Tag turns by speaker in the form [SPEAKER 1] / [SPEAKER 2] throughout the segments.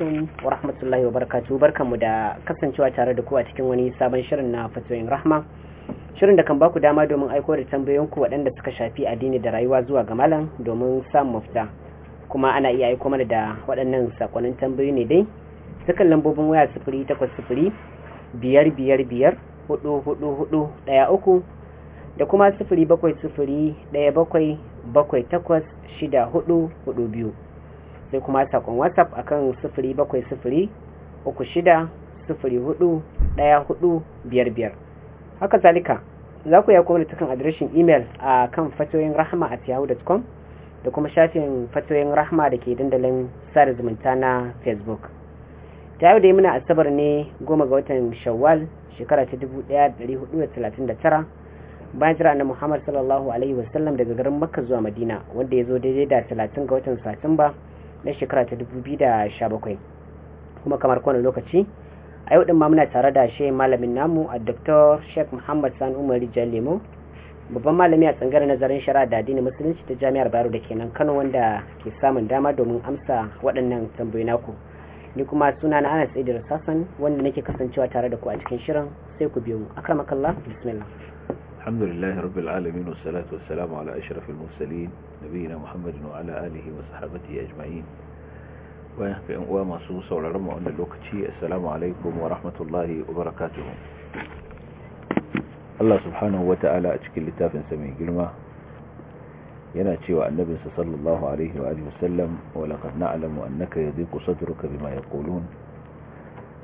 [SPEAKER 1] alaikum wa rahmatullahi wa barakatu barkanmu da kasancewa tare da ku a cikin wani sabon shirin na fatoyin rahma shirin da kan ba ku dama domin aiko da tambayoyin ku waɗanda suka shafi addini da rayuwa zuwa ga malam domin samun mafita kuma ana iya aiko mana da waɗannan sakonnin tambayoyi ne dai dukkan lambobin waya sifiri takwas sifiri biyar biyar biyar hudu hudu hudu ɗaya uku da kuma sifiri bakwai sifiri ɗaya bakwai bakwai takwas shida hudu hudu biyu sai kuma saƙon whatsapp akan sifiri bakwai sifiri uku haka zalika za ku iya kuma kan adireshin imel a kan fatoyin rahama at yahoo.com da kuma shafin fatoyin rahama da ke dandalin sada zumunta na facebook ta yau da yi muna asabar ne goma ga watan shawwal shekara ta 1439 bayan jira na muhammad sallallahu alaihi wasallam daga garin makka zuwa madina wanda ya zo daidai da 30 ga watan satumba na shekara ta da 2017 kuma kamar kowane lokaci a yau ɗin ma muna tare da shi malamin namu a dr sheikh muhammad san umar jan lemo babban malami a tsangar nazarin shari'a da addinin musulunci ta jami'ar bayero da kenan kano wanda ke samun dama domin amsa waɗannan tambayoyi naku ni kuma suna na anas idris hassan wanda nake kasancewa tare da ku a cikin shirin sai ku biyo mu akramakallah bismillah
[SPEAKER 2] الحمد لله رب العالمين والصلاة والسلام على أشرف المرسلين نبينا محمد وعلى آله وصحبه أجمعين وما سوسة ولرمى أن الوقتي السلام عليكم ورحمة الله وبركاته الله سبحانه وتعالى أشكل لتاف سمي قلمة يناتي والنبي صلى الله عليه وآله وسلم ولقد نعلم أنك يضيق صدرك بما يقولون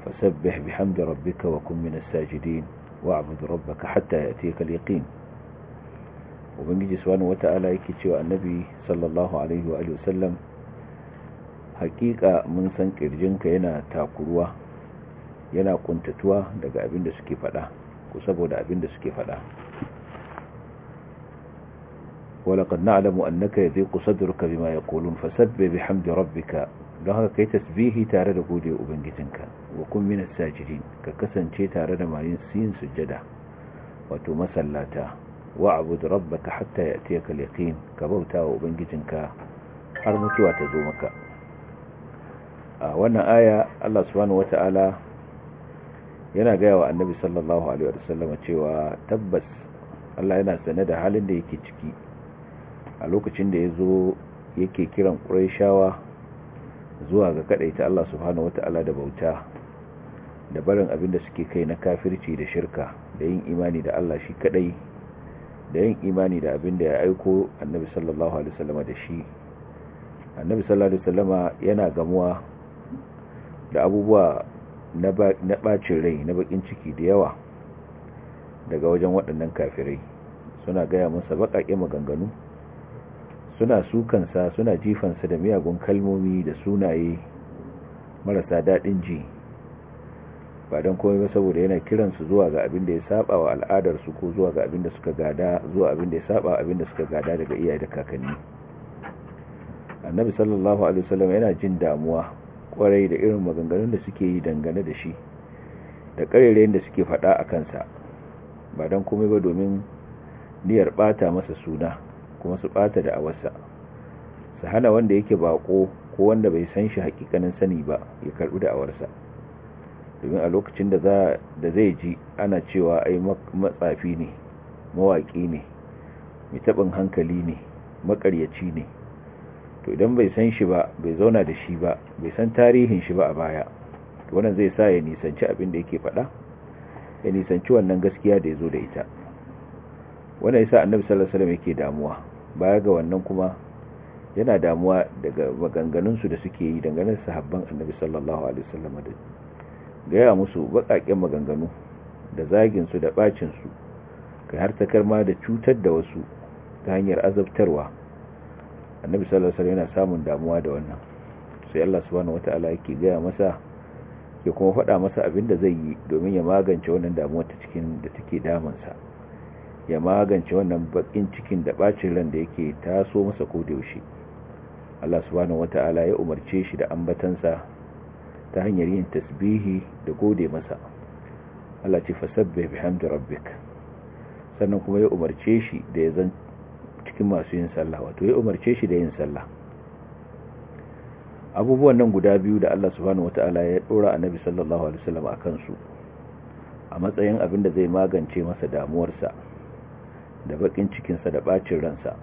[SPEAKER 2] فسبح بحمد ربك وكن من الساجدين wa'bud rabbaka hatta ya'tiyaka al-yaqin ubangiji subhanahu wata'ala yake cewa annabi sallallahu alaihi wa alihi wasallam hakika mun san kirjinka yana takuruwa yana kuntatuwa daga abin da suke fada ko saboda abin da suke fada ولقد نعلم أنك يضيق صدرك بما يقولون فسبح بحمد ربك لهذا كي تسبيه تارد قولي أبنجتنك wa kun minas sajidin ka kasance tare da mayin yin sujjada wato masallata wa abud rabbaka hatta ya'tiyaka al ka bauta wa ubangijinka har mutuwa ta zo maka a wannan aya Allah subhanahu wata'ala yana gaya wa annabi sallallahu alaihi wasallam cewa tabbas Allah yana sane da halin da yake ciki a lokacin da yazo yake kiran kuraishawa zuwa ga kadaita Allah subhanahu wata'ala da bauta da barin abin da suke kai na kafirci da shirka da yin imani da Allah shi kadai da yin imani da abin da ya aiko annabi sallallahu alaihi wasallama da shi annabi sallallahu alaihi wasallama yana gamuwa da abubuwa na bacin rai na bakin ciki da yawa daga wajen waɗannan kafirai suna gaya masa baƙaƙe maganganu suna sukansa suna jifansa da miyagun kalmomi da sunaye marasa daɗin ji ba don komai ba saboda yana kiransu zuwa ga abin da ya saba wa al'adarsu ko zuwa ga abin da suka gada zuwa abin da ya saba wa abin da suka gada daga iyaye da kakanni annabi sallallahu alaihi wasallam yana jin damuwa kwarai da irin maganganun da suke yi dangane da shi da karerayen da suke fada a kansa ba don komai ba domin niyyar bata masa suna kuma su bata da awarsa su hana wanda yake bako ko wanda bai san shi hakikanin sani ba ya karbi da awarsa domin a lokacin da da zai ji ana cewa ai matsafi ne mawaƙi ne mai taɓin hankali ne makaryaci ne to idan bai san shi ba bai zauna da shi ba bai san tarihin shi ba a baya wannan zai sa ya nisanci abin da yake faɗa ya nisanci wannan gaskiya da ya zo da ita wannan yasa annabi sallallahu alaihi yake damuwa baya ga wannan kuma yana damuwa daga maganganunsu da suke yi dangane da sahabban annabi sallallahu alaihi wasallam gaya musu baƙaƙen maganganu da zaginsu da ɓacinsu kai har ta karma da cutar da wasu ta hanyar azabtarwa annabi sallallahu alaihi yana samun damuwa da wannan sai Allah subhanahu wataala yake gaya masa ya kuma faɗa masa abin da zai yi domin ya magance wannan damuwar ta cikin da take damunsa ya magance wannan bakin cikin da bacin ran da yake taso masa ko da yaushe Allah subhanahu wataala ya umarce shi da ambatansa ta hanyar yin tasbihi da gode masa Allah ce fasabbih bihamdi rabbik sannan kuma ya umarce shi da ya zan cikin masu yin sallah wato ya umarce shi da yin sallah abubuwan nan guda biyu da Allah subhanahu wataala ya dora annabi sallallahu alaihi wasallam akan su a matsayin abin da zai magance masa damuwarsa da bakin cikinsa da bacin ransa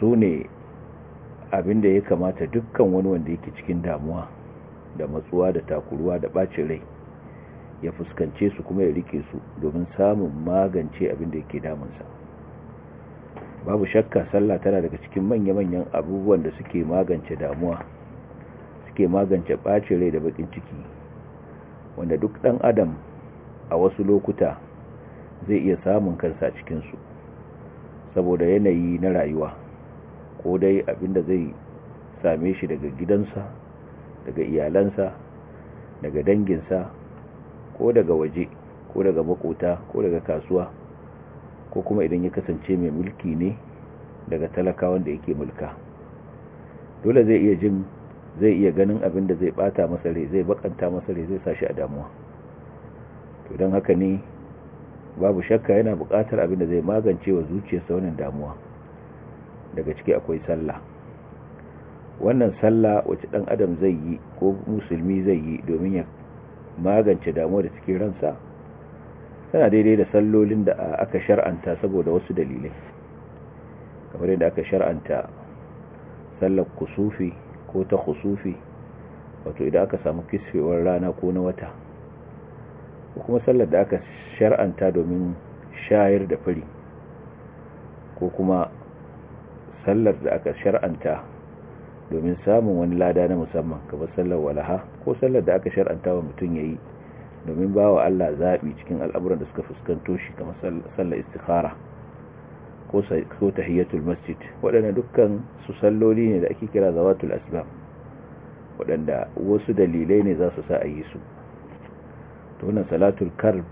[SPEAKER 2] su ne abin da ya kamata dukkan wani wanda yake cikin damuwa da matsuwa da takuruwa da bacin rai ya fuskance su kuma ya rike su domin samun magance abin da yake damunsa babu shakka sallah tana daga cikin manya-manyan abubuwan da suke magance damuwa suke magance bacin rai da bakin ciki wanda duk ɗan adam a wasu lokuta zai iya samun kansa cikinsu saboda yanayi na rayuwa ko dai abin da zai same shi daga gidansa daga iyalansa daga danginsa ko daga waje ko daga makota ko daga kasuwa ko kuma idan ya kasance mai mulki ne daga talakawan da yake mulka dole zai iya jin zai iya ganin abin da zai bata masa rai zai bakanta masa rai zai sashi a damuwa to don haka ne babu shakka yana buƙatar abin da zai magance wa zuciyarsa wannan damuwa daga ciki akwai sallah wannan sallah wacce dan adam zai yi ko musulmi zai yi domin ya magance damuwa da cikin ransa tana daidai da sallolin da aka shar'anta saboda wasu dalilai kamar yadda aka shar'anta sallar kusufi ko ta kusufi wato idan aka samu kisfewar rana ko na wata ko kuma sallar da aka shar'anta domin shayar da fari ko kuma sallar da aka shar'anta domin samun wani lada na musamman kamar sallar walaha ko sallar da aka shar'anta wa mutum ya yi domin ba wa Allah zaɓi cikin al'amuran da suka fuskanto shi kamar sallar istikhara ko tahiyyatul masjid wadannan dukkan su salloli ne da ake kira zawatul asbab waɗanda wasu dalilai ne za su sa a yi su to wannan salatul karb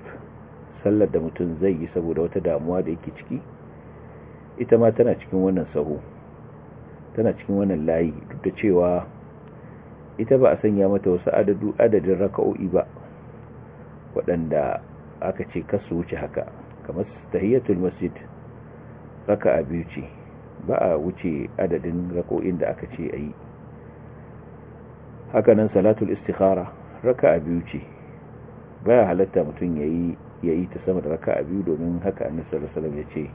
[SPEAKER 2] sallar da mutum zai yi saboda wata damuwa da yake ciki ita ma tana cikin wannan sahu tana cikin wannan layi duk da cewa ita ba a sanya mata wasu adadu adadin raka'o'i ba waɗanda aka ce kasu wuce haka kamar tahiyatul masjid raka'a biyu ce ba a wuce adadin raka'o'in da aka ce ayi haka nan salatul istikhara raka'a biyu ce baya halatta mutum ya yi ta sama da raka'a biyu domin haka annabi sallallahu alaihi ya ce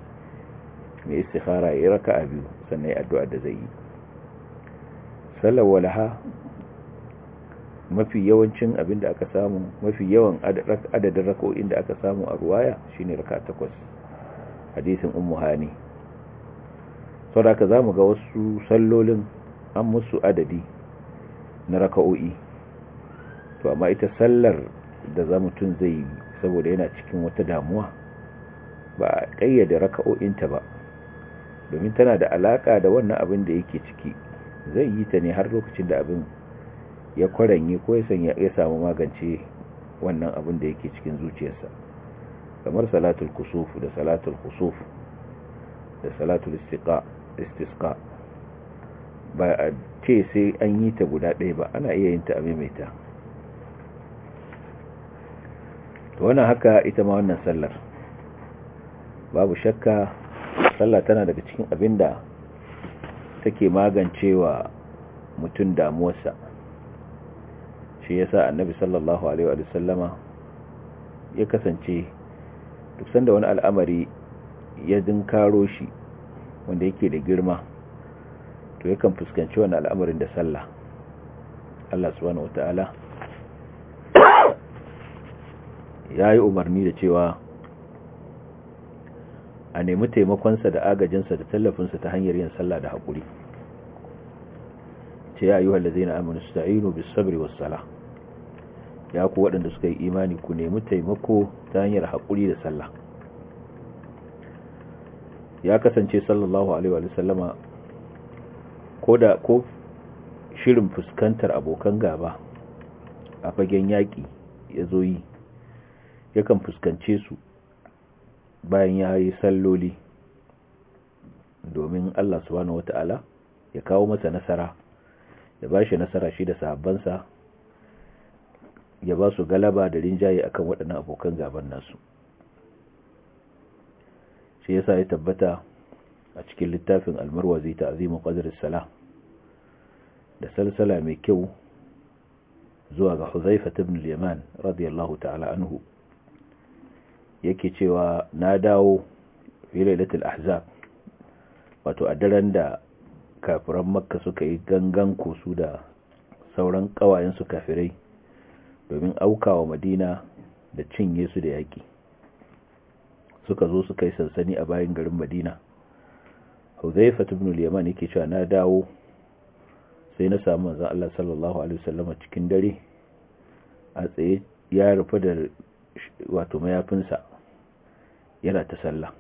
[SPEAKER 2] mai istikhara ya raka a biyu sannan ya addu'a da zai yi sallar walaha mafi yawancin abin da aka samu mafi yawan adadin rakao'in da aka samu a ruwaya shine raka takwas hadisin ummu hani da aka zamu ga wasu sallolin an musu adadi na raka'o'i to amma ita sallar da za mutum zai yi saboda yana cikin wata damuwa ba a ƙayyade raka'o'inta ba domin tana da alaka da wannan abin da yake ciki zai yi ta ne har lokacin da abin ya kwaranye ko ya sanya ya samu magance wannan abin da yake cikin zuciyarsa kamar salatul kusufu da salatul kusuf da salatul istiqa ba a ce sai an yi ta guda ɗaya ba ana iya yin ta a maimaita to wannan haka ita ma wannan sallar babu shakka sallah tana daga cikin abin da take magancewa mutum damuwarsa shi yasa annabi sallallahu alaihi sallama ya kasance duk sanda wani al'amari ya dinkaro shi wanda yake da girma to ya kan fuskanci wani al'amarin da sallah Allah subhanahu wataala ya yi umarni da cewa a nemi taimakonsa da agajinsa da tallafinsa ta hanyar yin sallah da haƙuri ce ya na ladzina amanu sta'inu bis sabri wa sala ya ku waɗanda suka yi imani ku nemi taimako ta hanyar haƙuri da sallah ya kasance sallallahu alaihi wa sallama ko da ko shirin fuskantar abokan gaba a fagen yaƙi ya zo yi yakan fuskance su bayan ya yi salloli domin Allah subhanahu wata'ala ya kawo masa nasara ya ba shi nasara shi da sahabbansa ya ba su galaba da rinjaye akan waɗannan abokan gaban nasu shi yasa ya tabbata a cikin littafin almarwazi ta azimin qadr salah da salsala mai kyau zuwa ga Huzaifat ibn liman radiyallahu ta'ala anhu yake cewa na dawo fi lailatul ahzab wato a daren da kafiran makka suka yi gangan kosu da sauran kawayensu kafirai domin aukawa madina da cinye su da yaƙi suka zo suka yi sansani a bayan garin madina huzaifa ibn al-yaman yake cewa na dawo sai na samu manzon Allah sallallahu alaihi wasallam cikin dare a tsaye ya rufe da wato mayafinsa yana ta sallah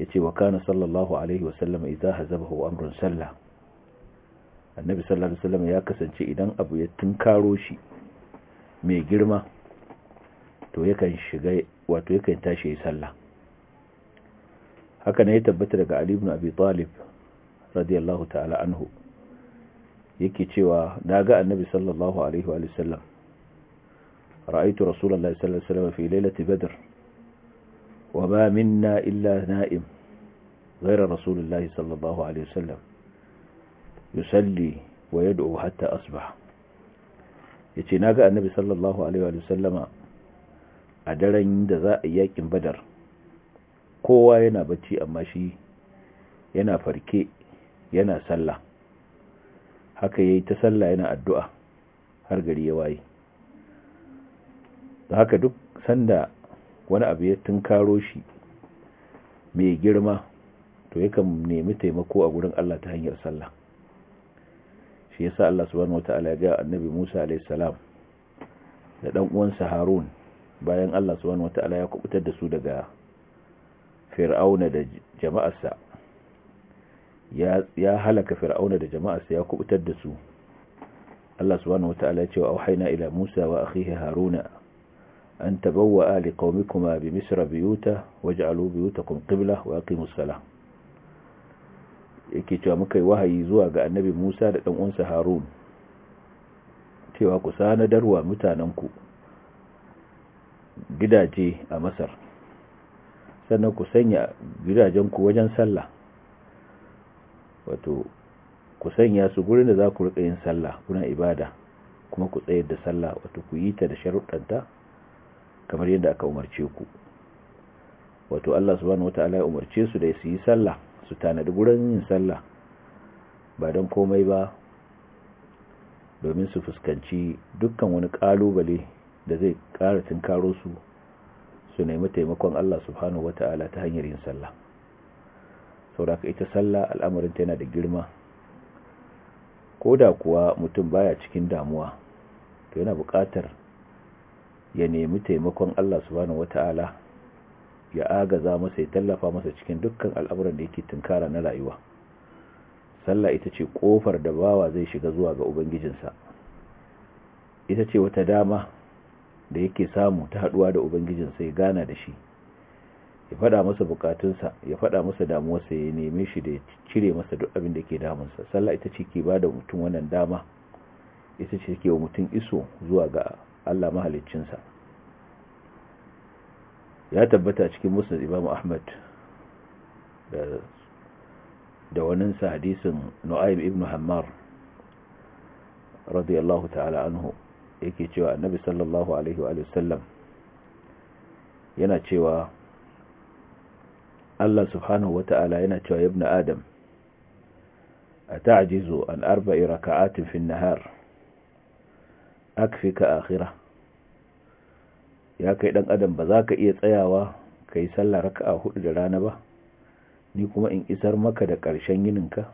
[SPEAKER 2] yace wa kana sallallahu alaihi wasallam idza hazabahu amrun sallah annabi sallallahu alaihi wasallam ya kasance idan abu ya tunkaro shi mai girma to yakan shiga wato yakan tashi yi sallah haka ne ya tabbata daga Ali ibn Abi Talib radiyallahu ta'ala anhu yake cewa naga annabi sallallahu alaihi wa sallam ra'aytu rasulullahi sallallahu alaihi wasallam fi lailati badr وما منا إلا نائم غير رسول الله صلى الله عليه وسلم يسلي ويدعو حتى أصبح yace naga annabi sallallahu alaihi wa sallama a daren da za a yakin badar kowa yana bacci amma shi yana farke yana sallah haka yayi ta sallah yana addu'a har gari ya waye haka duk sanda wani abu ya tunkaro shi mai girma to yakan nemi taimako a gurin Allah ta hanyar sallah shi yasa Allah subhanahu wataala ya ga annabi Musa alayhi salam da dan uwansa Harun bayan Allah subhanahu wataala ya kubutar da su daga Fir'auna da jama'arsa ya halaka fir'auna da jama'arsa ya kubutar da su Allah subhanahu wataala ya ce wa auhayna ila Musa wa akhihi Haruna أن تبوأ لقومكما بمصر بيوتا واجعلوا بيوتكم قبلة وأقيموا الصلاة yake cewa muka yi wahayi zuwa ga annabi Musa da ɗan'unsa Harun cewa ku sanadarwa mutanenku gidaje a Masar sannan ku sanya gidajenku wajen sallah wato ku sanya su gurin da za ku riƙa yin sallah kuna ibada kuma ku tsayar da sallah wato ku yi ta da sharuɗanta kamar yadda aka umarce ku wato Allah subhanahu wataala ya umarce su da su yi sallah su tanadi gurin yin sallah ba don komai ba domin su fuskanci dukkan wani kalubale da zai ƙara tunkaro su su nemi taimakon Allah subhanahu wataala ta hanyar yin sallah sauraka ita sallah al'amarin ta yana da girma ko da kuwa mutum baya cikin damuwa to yana buƙatar ya nemi taimakon Allah subhanahu wata'ala ya agaza masa ya tallafa masa cikin dukkan al'amuran da yake tunkara na rayuwa sallah ita ce kofar da bawa zai shiga zuwa ga ubangijinsa ita ce wata dama da yake samu ta haduwa da ubangijin sai gana da shi ya fada masa bukatunsa ya fada masa damuwarsa ya neme shi da ya cire masa duk abin da ke damunsa sallah ita ce ke bada mutum wannan dama ita ce ke wa mutum iso zuwa ga Allah mahaliccinsa ya tabbata cikin musnad Imam Ahmad da da wannan hadisin Nu'aym ibn Hammar radiyallahu ta'ala anhu yake cewa Annabi sallallahu alaihi wa sallam yana cewa Allah subhanahu wa ta'ala yana cewa ibn Adam an عن أربع ركعات في nahar. ka akhira ya kai dan adam ba za ka iya tsayawa kai sallah raka'a hudu da rana ba ni kuma in isar maka da ƙarshen yininka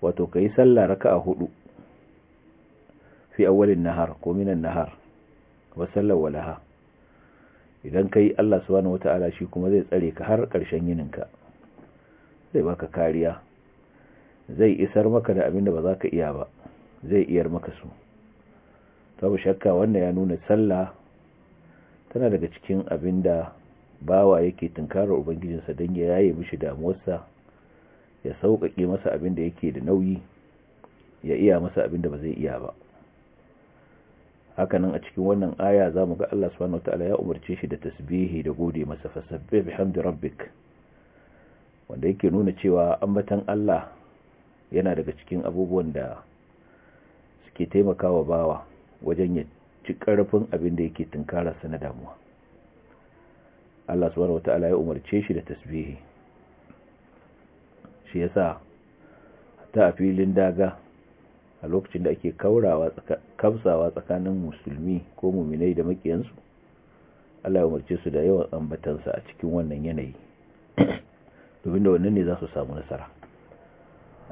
[SPEAKER 2] wato kai sallah raka'a hudu fi awwalin nahar ko minan nahar wa sallar walaha idan kai Allah subhanahu wata'ala shi kuma zai tsare ka har ƙarshen yininka zai baka kariya zai isar maka da abin da ba za ka iya ba zai iyar maka su babu shakka wannan ya nuna sallah tana daga cikin abin da bawa yake tunkarar ubangijinsa don ya yaye mishi damuwarsa ya sauƙaƙe masa abin da yake da nauyi ya iya masa abin da ba zai iya ba hakanan a cikin wannan aya za mu ga Allah subhanahu wataala ya umarce shi da tasbihi da gode masa fasabbih bihamdi rabbik wanda yake nuna cewa ambatan Allah yana daga cikin abubuwan da suke taimakawa bawa wajen ya ci karfin abin da yake tunkararsa na damuwa Allah subhanahu wata'ala ya umarce shi da tasbihi shi yasa ta a filin daga a lokacin da ake kaurawa kamsawa tsakanin musulmi ko muminai da makiyansu Allah ya umarce su da yawan ambatansa a cikin wannan yanayi domin da wannan ne za su samu nasara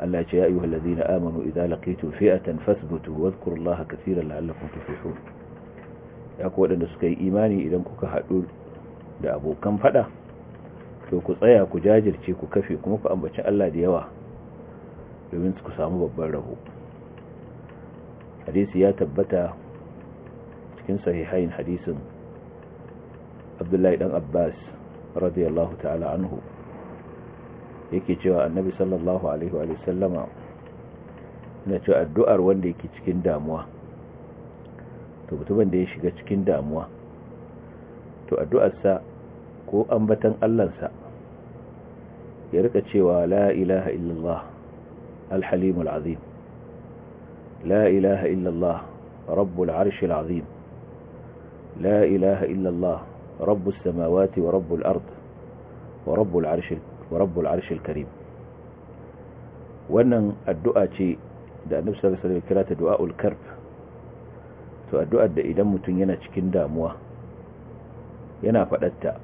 [SPEAKER 2] Allah ce ya ayyuha allazina amanu idza laqitu fi'atan fasbutu wadhkurullaha katiran la'allakum tuflihun ya ku wadanda suka yi imani idan kuka hadu da abokan fada to ku tsaya ku jajirce ku kafe kuma ku ambaci Allah da yawa domin ku samu babban rabo hadisi ya tabbata cikin sahihain hadisin Abdullahi dan Abbas radiyallahu ta'ala anhu yake cewa annabi sallallahu alaihi wa sallama na ce addu'ar wanda yake cikin damuwa to mutumin da ya shiga cikin damuwa to addu'arsa ko ambatan allansa ya rika cewa la ilaha illallah alhalimul azim la ilaha illallah rabbul arshil azim la ilaha illallah rabbus samawati wa rabbul ard wa rabbul arshil wa rabbul arshil karim wannan addu'a ce da annabi sallallahu alaihi wasallam kira ta du'aul karb to addu'ar da idan mutum yana cikin damuwa yana faɗatta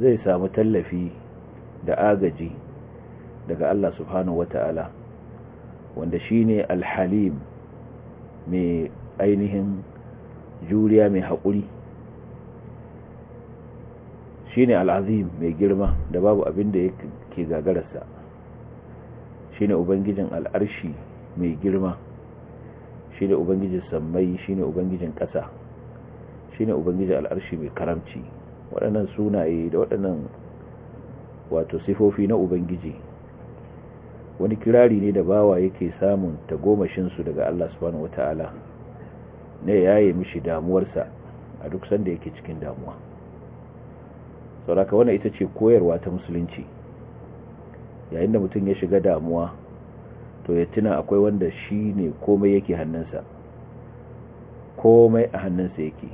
[SPEAKER 2] zai samu tallafi da agaji daga Allah subhanahu wata'ala wanda shine alhalim mai ainihin juriya mai haƙuri shine al'azim mai girma da babu abin da yake gagararsa shine ubangijin al'arshi mai girma shine ubangijin sammai shine ubangijin ƙasa shine ubangijin al'arshi mai karamci waɗannan sunaye da waɗannan wato sifofi na ubangiji wani kirari ne da bawa yake samun tagomashinsu daga Allah subhanahu wata'ala ne yaye mishi damuwarsa a duk sanda yake cikin damuwa sauraka wannan ita ce koyarwa ta musulunci yayin da mutum ya shiga damuwa to ya tuna akwai wanda shi ne komai yake hannunsa komai a hannunsa yake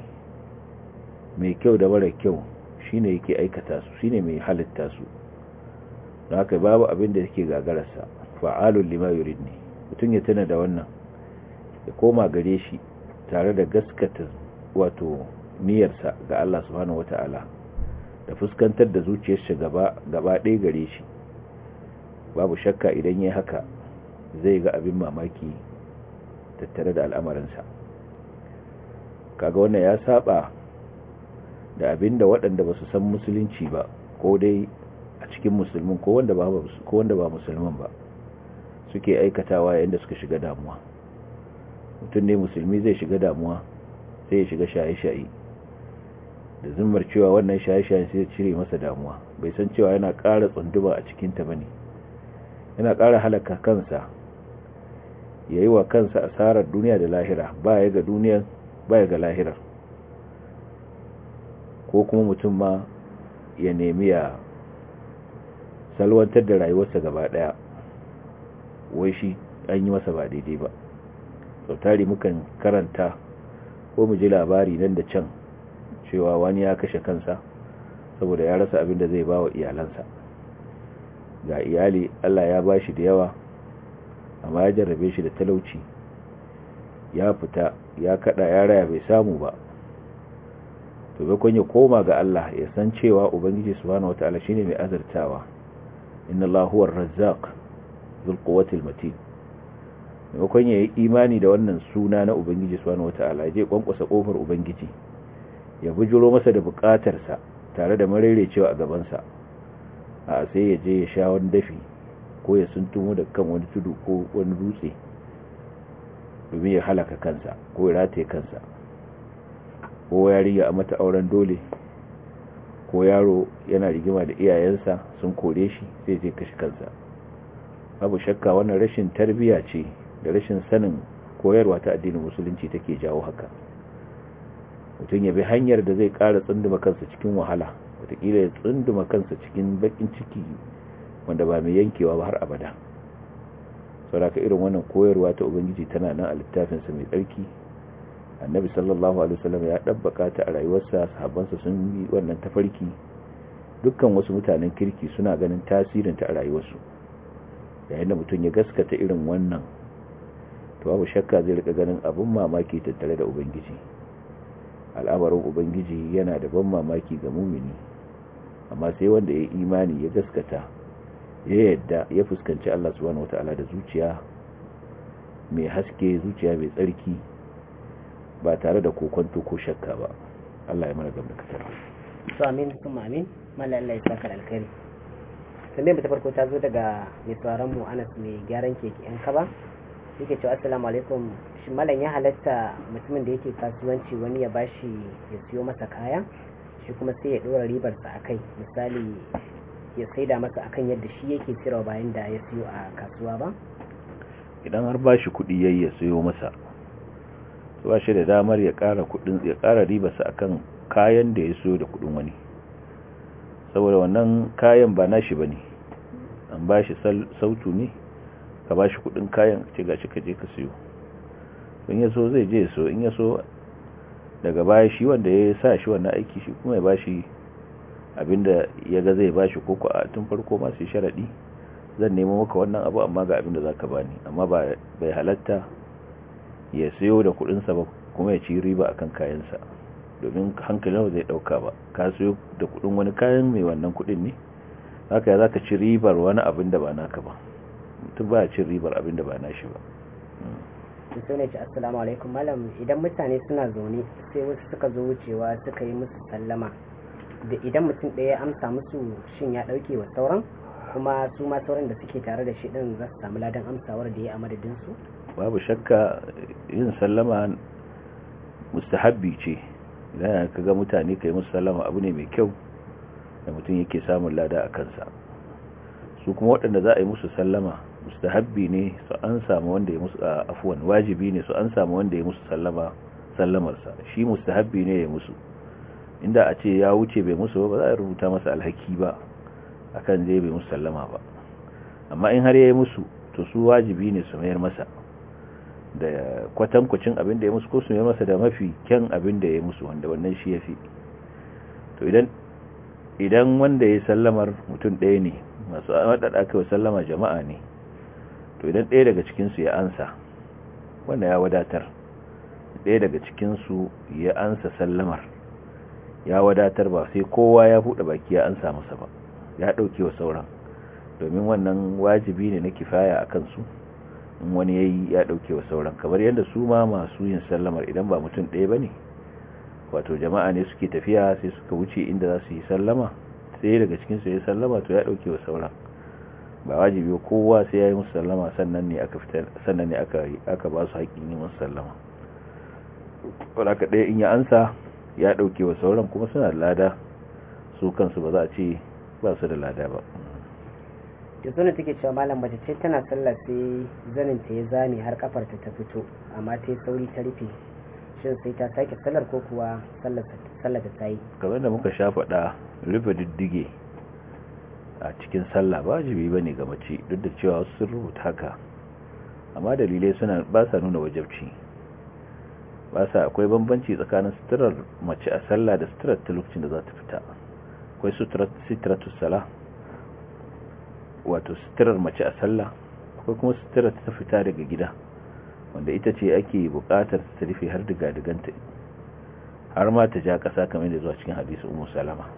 [SPEAKER 2] mai kyau da mara kyau shi ne yake aikata su shi ne mai halitta su da haka babu abin da yake gagararsa fa'alun lima ne mutum ya tuna da wannan ya koma gare shi tare da gaskata wato niyyarsa ga Allah subhanahu wata'ala da fuskantar da zuciyarsa gaba ɗaya gare shi babu shakka idan ya haka zai ga abin mamaki tattare da al'amarinsa kaga wannan ya saba da abin da waɗanda ba su san musulunci ba ko dai a cikin musulmin ko wanda ba musulman ba suke aikatawa yayin da suka shiga damuwa mutum ne musulmi zai shiga damuwa sai ya shiga shaye-shaye da zimmar cewa wannan shaye-shayen sai cire masa damuwa bai san cewa yana ƙara tsunduma a cikinta ba ne yana ƙara halaka kansa ya yi wa kansa asarar duniya da lahira ba ya ga duniyar ba ya ga lahirar ko kuma mutum ma ya nemi ya salwantar da rayuwarsa gaba ɗaya wai shi an yi masa ba daidai ba sautari mukan karanta ko mu ji labari nan da can cewa wani ya kashe kansa saboda ya rasa abin da zai ba wa iyalansa ga iyali Allah ya ba shi da yawa amma ya jarrabe shi da talauci ya fita ya kada ya raya bai samu ba to bakon ya koma ga Allah ya san cewa ubangiji subhanahu wataala shine mai azurtawa inna Allahu ar-razzaq dhul quwwati al-matin ya yi imani da wannan suna na ubangiji subhanahu wataala ya je kwankwasa kofar ubangiji ya bujiro masa da bukatarsa tare da marerecewa a gabansa a sai ya je ya sha wani dafi ko ya suntumo da kan wani tudu ko wani dutse domin ya halaka kansa ko ya rataye kansa ko riga a mata auren dole ko yaro yana rigima da iyayensa sun kore shi sai zai kashi kansa babu shakka wannan rashin tarbiya ce da rashin sanin koyarwa ta addinin musulunci take jawo haka mutum ya bi hanyar da zai kara tsunduma kansa cikin wahala watakila ya tsunduma kansa cikin bakin ciki wanda ba mai yankewa ba har abada sauraka irin wannan koyarwa ta ubangiji tana nan a littafinsa mai tsarki annabi sallallahu alaihi wasallam ya ɗabbaka ta a rayuwarsa sahabbansa sun yi wannan tafarki dukkan wasu mutanen kirki suna ganin tasirin ta a rayuwarsu yayin da mutum ya gaskata irin wannan to babu shakka zai rika ganin abin mamaki tattare da ubangiji al'amarin ubangiji yana da ban mamaki ga mumini amma sai wanda ya imani ya gaskata ya yadda ya fuskanci Allah wani wata'ala da zuciya mai haske zuciya mai tsarki ba tare da kokonto ko shakka ba Allah ya mana gamda katar
[SPEAKER 1] su amin kuma amin mala Allah ya saka alkari sannan ta farko ta zo daga mai tsoron mu Anas mai gyaran keke yan kaba yake cewa assalamu alaikum shi malam ya halatta mutumin da yake kasuwanci wani ya bashi ya siyo masa kaya shi kuma sai ya dora ribarsa a kai misali ya saida masa akan yadda shi yake sirwa bayan da ya siyo a kasuwa ba
[SPEAKER 2] idan har bashi kuɗi yayi ya siyo masa ba shi da damar ya ƙara kuɗin ya ƙara ribarsa akan kayan da ya siyo da kuɗin wani saboda wannan kayan ba nashi bane an bashi sautu ne ka ba shi kudin kayan ce gashi ka je ka siyo in ya so zai je so in ya so daga baya shi wanda ya sa shi wannan aiki shi kuma ya ba shi abinda ya ga zai ba shi koko a tun farko masu sharaɗi zan nemo maka wannan abu amma ga abinda za ka bani amma bai halatta ya siyo da kudinsa ba kuma ya ci riba akan kayansa domin hankalin zai ɗauka ba ka siyo da kudin wani kayan mai wannan kudin ne haka ya za ka ci ribar wani abin da ba naka ba ta ba cin ribar abin da ba nashi ba
[SPEAKER 1] su ne ce assalamu alaikum malam idan mutane suna zaune sai wasu suka zo wucewa suka yi musu sallama da idan mutum ɗaya ya amsa musu shin ya ɗauke wa sauran kuma su ma sauran da suke tare da shi ɗin za su samu ladan amsawar da ya a madadin su
[SPEAKER 2] babu shakka yin sallama mustahabbi ce idan ka ga mutane ka yi musu sallama abu ne mai kyau da mutum yake samun lada a kansa su kuma waɗanda za a yi musu sallama mustahabbi ne su an samu wanda ya musu afwan wajibi ne su an samu wanda ya musu sallama sallamarsa shi mustahabbi ne ya musu inda a ce ya wuce bai musu ba za a rubuta masa alhaki ba akan zai bai musu sallama ba amma in har ya yi musu to su wajibi ne su mayar masa da kwatankwacin abin da ya musu ko su mayar masa da mafi kyan abin da ya musu wanda wannan shi ya fi to idan idan wanda ya sallamar mutum ɗaya ne masu waɗanda aka yi sallama jama'a ne to idan ɗaya daga cikinsu ya ansa wanda ya wadatar ɗaya daga cikinsu ya ansa sallamar ya wadatar ba sai kowa ya buɗe baki ya ansa masa ba ya ɗauke wa sauran domin wannan wajibi ne na kifaya a kansu in wani ya yi ya ɗauke wa sauran kamar yadda su ma masu yin sallamar idan ba mutum ɗaya ba ne wato jama'a ne suke tafiya sai suka wuce inda za su yi sallama sai daga cikinsu ya sallama to ya ɗauke wa sauran ba wajibi kowa sai ya yi musu sallama sannan ne aka fitar sannan ne aka aka ba su haƙƙin yi musu sallama ka ɗaya in ya ansa ya ɗauke wa sauran kuma suna da lada su kansu ba za a ce ba su da lada ba
[SPEAKER 1] da suna take cewa malam mace ce tana sallar sai zanin ta ya zame har kafar ta ta fito amma ta sauri ta rufe shin sai ta sake sallar ko kuwa sallar ta tayi
[SPEAKER 2] kamar da muka sha faɗa rufe diddige a cikin sallah ba wajibi bane ga mace duk da cewa sun rubuta haka amma dalilai suna ba sa nuna wajibci ba sa akwai bambanci tsakanin suturar mace a sallah da sutrar ta lokacin da za ta fita akwai sitratu sala wato suturar mace a sallah akwai kuma sutrar ta fita daga gida wanda ita ce ake bukatar ta rufe har daga diganta har ma ta ja ƙasa kamar da zuwa cikin hadisi umu salama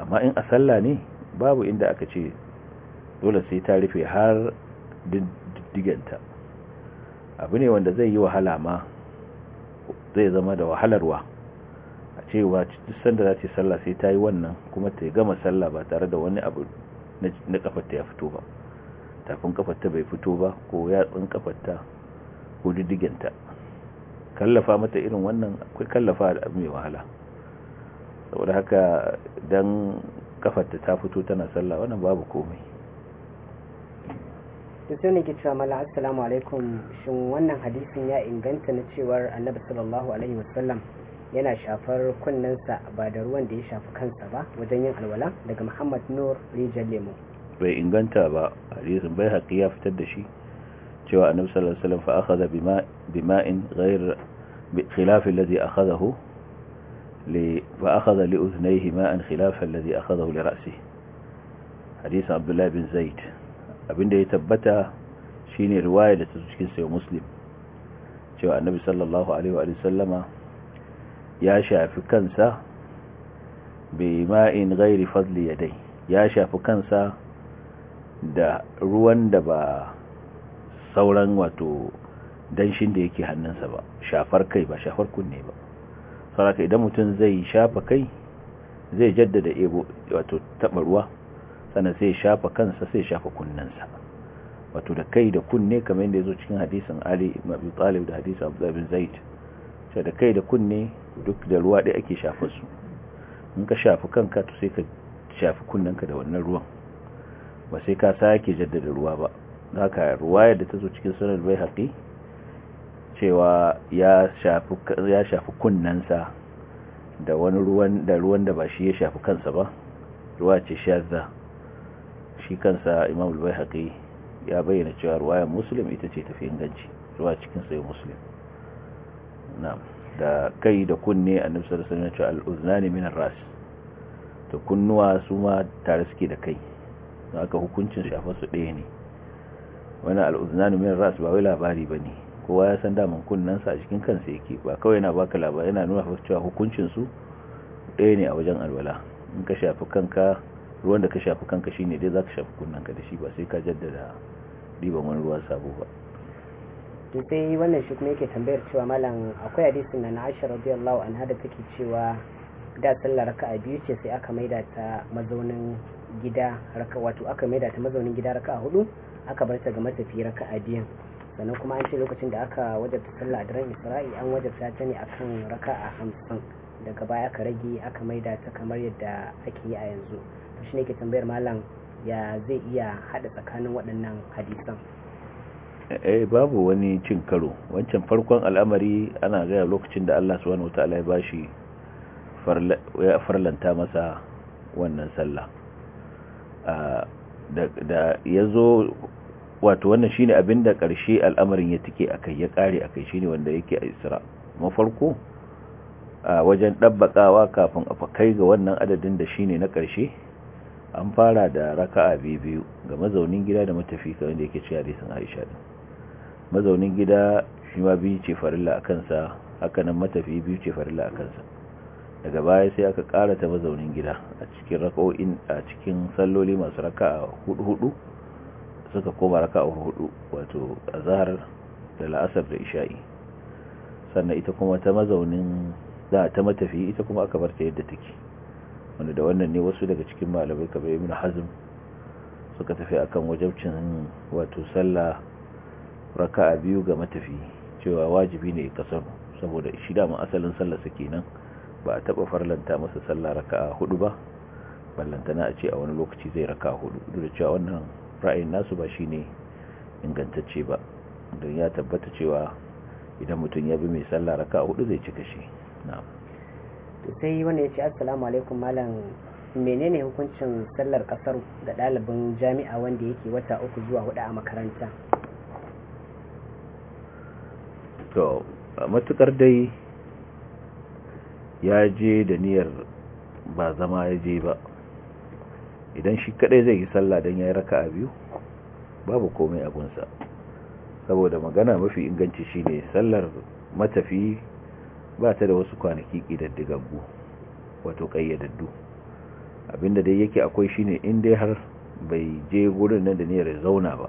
[SPEAKER 2] amma in a sallah ne babu inda aka ce dole sai ta rufe har diddiganta abu ne wanda zai yi wahala ma zai zama da wahalarwa a cewa duk sanda za ta yi sallah sai ta yi wannan kuma ta gama sallah ba tare da wani abu na kafarta ya fito ba tafin kafarta bai fito ba ko yatsun kafarta ko diddiganta kallafa mata irin wannan akwai kallafa da abu mai wahala saboda haka don kafarta ta fito tana sallah wannan babu komai
[SPEAKER 1] da sai ne ke cewa mala assalamu alaikum shin wannan hadisin ya inganta na cewar annabi sallallahu alaihi wasallam yana shafar kunnensa ba da ruwan da ya shafi kansa ba wajen yin alwala daga muhammad nur rijal lemu.
[SPEAKER 2] bai inganta ba hadisin bai haƙi ya fitar da shi cewa annabi sallallahu alaihi wasallam fa akhadha bima'in ghayr khilafi alladhi akhadahu فأخذ لأذنيه ماء خلاف الذي أخذه لرأسه حديث عبد الله bin Zaid, abin da ya tabbata shine riwaya da ta cikin sayo muslim cewa annabi sallallahu ya shafi kansa bi ma'in ghairi fadli yadai ya shafi kansa da ruwan da ba sauran wato danshin da yake hannunsa ba shafar kai ba shafar kunne ba saraka idan mutum zai shafa kai zai jaddada ebo wato tabarwa ruwa sannan sai shafa kansa sai shafa kunnansa wato da kai da kunne kamar yadda yazo cikin hadisin ali ibn abi talib da hadisin abdullahi bin zaid sai da kai da kunne duk da ruwa ɗaya ake shafa su in ka shafi kanka to sai ka shafi kunnenka da wannan ruwan ba sai ka sake jaddada ruwa ba haka ruwa da ta zo cikin sunan bai haƙi cewa ya shafi kunnansa da wani ruwan da ruwan da ba shi ya shafi kansa ba ruwa ce shazza shi kansa imam al-baihaqi ya bayyana cewa ruwaya muslim ita ce tafi inganci ruwa cikin sai muslim na'am da kai da kunne annabi sallallahu alaihi wasallam ya ce al-uznani min ar-ras to kunnuwa su ma tare suke da kai haka hukuncin shafar su ɗaya ne wani al min ras ba wai labari ba ne. kowa ya san daman sa a cikin kansa yake ba kawai yana baka labarai yana nuna fa cewa hukuncin su ɗaya ne a wajen alwala in ka shafi kanka ruwan da ka shafi kanka shine dai zaka shafi kunnanka da shi ba sai ka jaddada diban wani ruwan sabo ba
[SPEAKER 1] to sai wannan shi kuma yake tambayar cewa malam akwai hadisin na Aisha radiyallahu anha da take cewa da sallar raka'a biyu ce sai aka maida ta mazaunin gida raka wato aka maida ta mazaunin gida raka'a hudu aka bar ta ga matafi raka'a biyu sannan kuma an ce lokacin da aka wajabta sallah a daren isra'i an wajabta ta ne a akan raka'a hamsin daga baya aka rage aka maida ta kamar yadda ake yi a yanzu to shine ke tambayar malam ya zai iya hada tsakanin waɗannan hadisan
[SPEAKER 2] eh babu wani cin karo wancan farkon al'amari ana gaya lokacin da Allah subhanahu wataala ya bashi farla farlanta masa wannan sallah ah, da ya zo wato wannan shine abin da karshe al'amarin ya tike akai ya kare akai shine wanda yake a isra mafarko a wajen ɗabbakawa kafin a kai ga wannan adadin da shine na karshe an fara da raka'a biyu ga mazaunin gida da matafi kan da yake ci hadisin Aisha din mazaunin gida shi ma biyu ce farilla a kansa haka nan matafi biyu ce farilla a kansa daga baya sai aka karata mazaunin gida a cikin raka'o'in a cikin salloli masu raka'a hudu hudu suka koma raka hudu wato azhar da la'asar da isha'i sannan ita kuma ta mazaunin da ta matafi ita kuma aka bar ta yadda take wanda da wannan ne wasu daga cikin malamai kamar ibn hazm suka tafi a akan wajabcin wato sallah raka'a biyu ga matafi cewa wajibi ne kasar saboda shi da asalin sallah sake nan ba a taba farlanta masa sallah raka'a hudu ba ballantana a ce a wani lokaci zai raka'a hudu duk da cewa wannan ra'ayin nasu ba shine ingantacce ba don ya tabbata cewa idan mutum ya bi mai sallah raka hudu zai cika shi na
[SPEAKER 1] to sai wanda ya ce assalamu alaikum malam menene hukuncin sallar kasar da ɗalibin jami'a wanda yake wata uku zuwa hudu a makaranta
[SPEAKER 2] to matukar dai ya je da niyyar ba zama ya je ba idan shi kadai zai yi sallah dan yayi a biyu babu komai abunsa saboda magana mafi inganci shine sallar matafi ba ta da wasu kwanaki kidaddigaggu wato kayyadaddu abinda dai yake akwai shine in dai har bai je gurin nan da niyyar zauna ba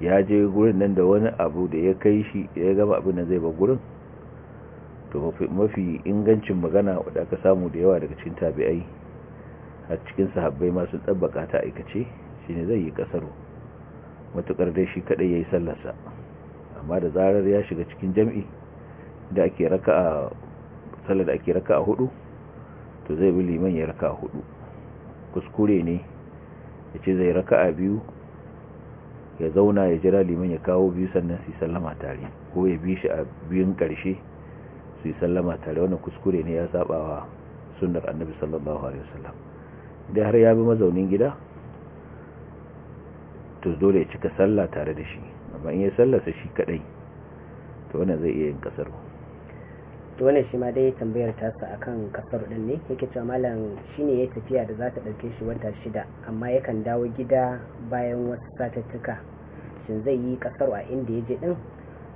[SPEAKER 2] ya je gurin nan da wani abu da ya kai shi ya gama abin da zai ba gurin to mafi ingancin magana wadda aka samu da yawa daga cikin tabi'ai a cikin sahabbai masu tsabbaka ta aikace shi ne zai yi kasaro matukar dai shi kaɗai ya yi sallarsa amma da zarar ya shiga cikin jam'i da ake raka a sallar da ake raka a hudu to zai bi liman ya raka a hudu kuskure ne ya ce zai raka a biyu ya zauna ya jira liman ya kawo biyu sannan su sallama tare ko ya bi shi a biyun ƙarshe su sallama tare wannan kuskure ne ya wa sunnar annabi sallallahu alaihi wasallam da har ya bi mazaunin gida to dole ya cika sallah tare da shi amma in ya sallasa shi kadai to wannan zai iya yin kasar
[SPEAKER 1] to wannan shi ma dai tambayar tasa akan kasar din ne yake cewa malam shine ya tafiya da za ta dauke shi wata shida amma yakan dawo gida bayan wasu satattuka shin zai yi kasar a inda ya je din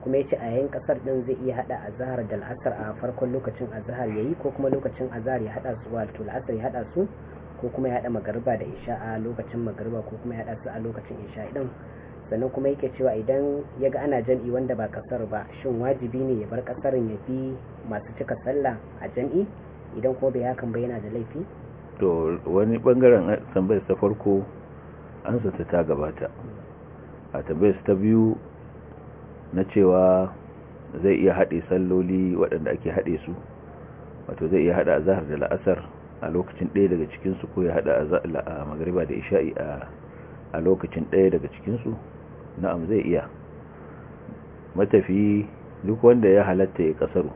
[SPEAKER 1] kuma ya ce a yayin kasar din zai iya hada azhar da al'asar a farkon lokacin azhar yayi ko kuma lokacin azhar ya hada su wato al'asar ya hada su ko kuma ya haɗa magariba da isha a lokacin magariba ko kuma ya haɗa su a lokacin isha idan sannan kuma yake cewa idan ya ga ana jam'i wanda ba kasar ba shin wajibi ne ya bar kasarin ya fi masu cika sallah a jam'i idan ko bai hakan ba yana da laifi
[SPEAKER 2] to wani bangaren tambayar ta farko an sassa ta gabata a tambayar ta biyu na cewa zai iya haɗe salloli waɗanda ake haɗe su wato zai iya haɗa zahar da la'asar a lokacin ɗaya daga cikinsu ko ya haɗa a magariba da isha'i a lokacin ɗaya daga cikinsu na'am zai iya matafi duk wanda ya halatta ya kasaru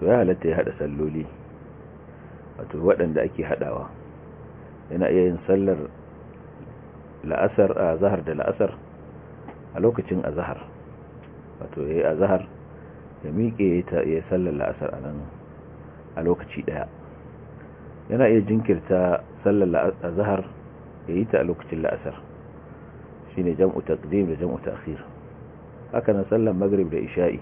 [SPEAKER 2] to ya halatta ya haɗa salloli wato waɗanda ake haɗawa yana iya yin sallar la'asar a zahar da la'asar a lokacin a zahar wato ya yi a zahar ya miƙe ya sallar la'asar a nan a lokaci ɗaya yana iya jinkirta sallar azhar ya yi ta a lokacin la'asar shi ne jam'u taqdim da jam'u ta'khir haka na sallar maghrib da isha'i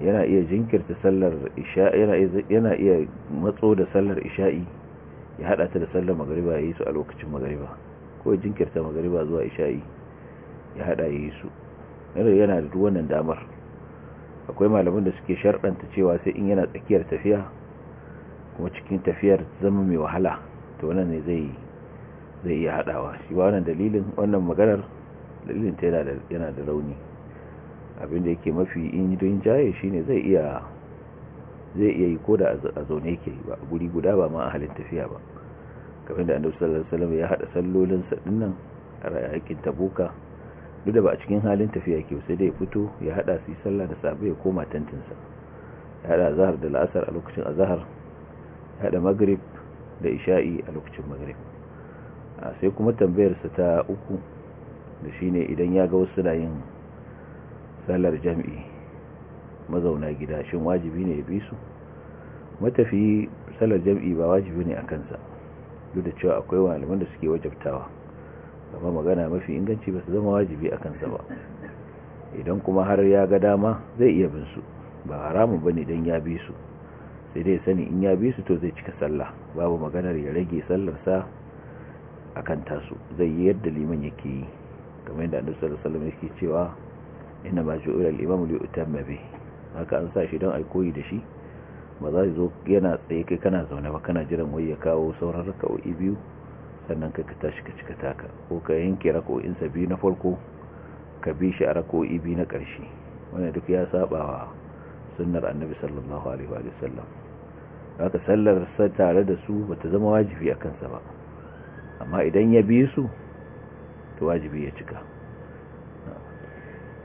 [SPEAKER 2] yana iya jinkirta sallar isha'i yana iya matso da sallar isha'i ya hada ta da sallar magriba ya yi su a lokacin magriba ko jinkirta magriba zuwa isha'i ya hada ya yi su yana da duk wannan damar akwai malaman da suke sharɗanta cewa sai in yana tsakiyar tafiya kuma cikin tafiyar zama mai wahala ta wannan ne zai zai iya hadawa shi ba wannan dalilin wannan maganar dalilin ta yana da rauni abinda da yake mafi in jaye shine zai iya zai iya yi ko da a zaune yake ba guri guda ba ma a halin tafiya ba kamar da annabi sallallahu alaihi wasallam ya hada sallolin sa dinnan a rayakin tabuka duk da ba a cikin halin tafiya yake sai dai fito ya hada su sallah da safe ya koma tantinsa ya hada zahar da la'asar a lokacin azhar hada magrib da isha'i a lokacin magrib sai kuma tambayarsa ta uku da shine idan ya ga wasu na yin salar jam'i mazauna gida shin wajibi ne ya bi su matafi salar jam'i ba wajibi ne a kansa duk da cewa akwai malaman da suke wajabtawa amma magana mafi inganci ba su zama wajibi a kansa ba idan kuma har ya ga dama zai iya bin su ba haramun bane dan ya bi su sai dai sani in ya bi su to zai cika sallah babu maganar ya rage sallarsa a kan tasu zai yi yadda liman yake yi kamar yadda annabi sallallahu alaihi wasallam yake cewa inna ma ju'ila al imam li utamma bi haka an sa shi don ai koyi da shi ba za zo yana tsaye kai kana zaune ba kana jiran wai ya kawo sauran raka'o'i biyu sannan kai ka tashi ka cika taka ko ka yanke raka'o'in sa biyu na farko ka bi shi a raka'o'i biyu na ƙarshe wannan duk ya saba wa sunnar annabi sallallahu alaihi wa sallam haka sallar sa tare da su bata zama wajibi a kansa ba amma idan ya bi su to wajibi ya cika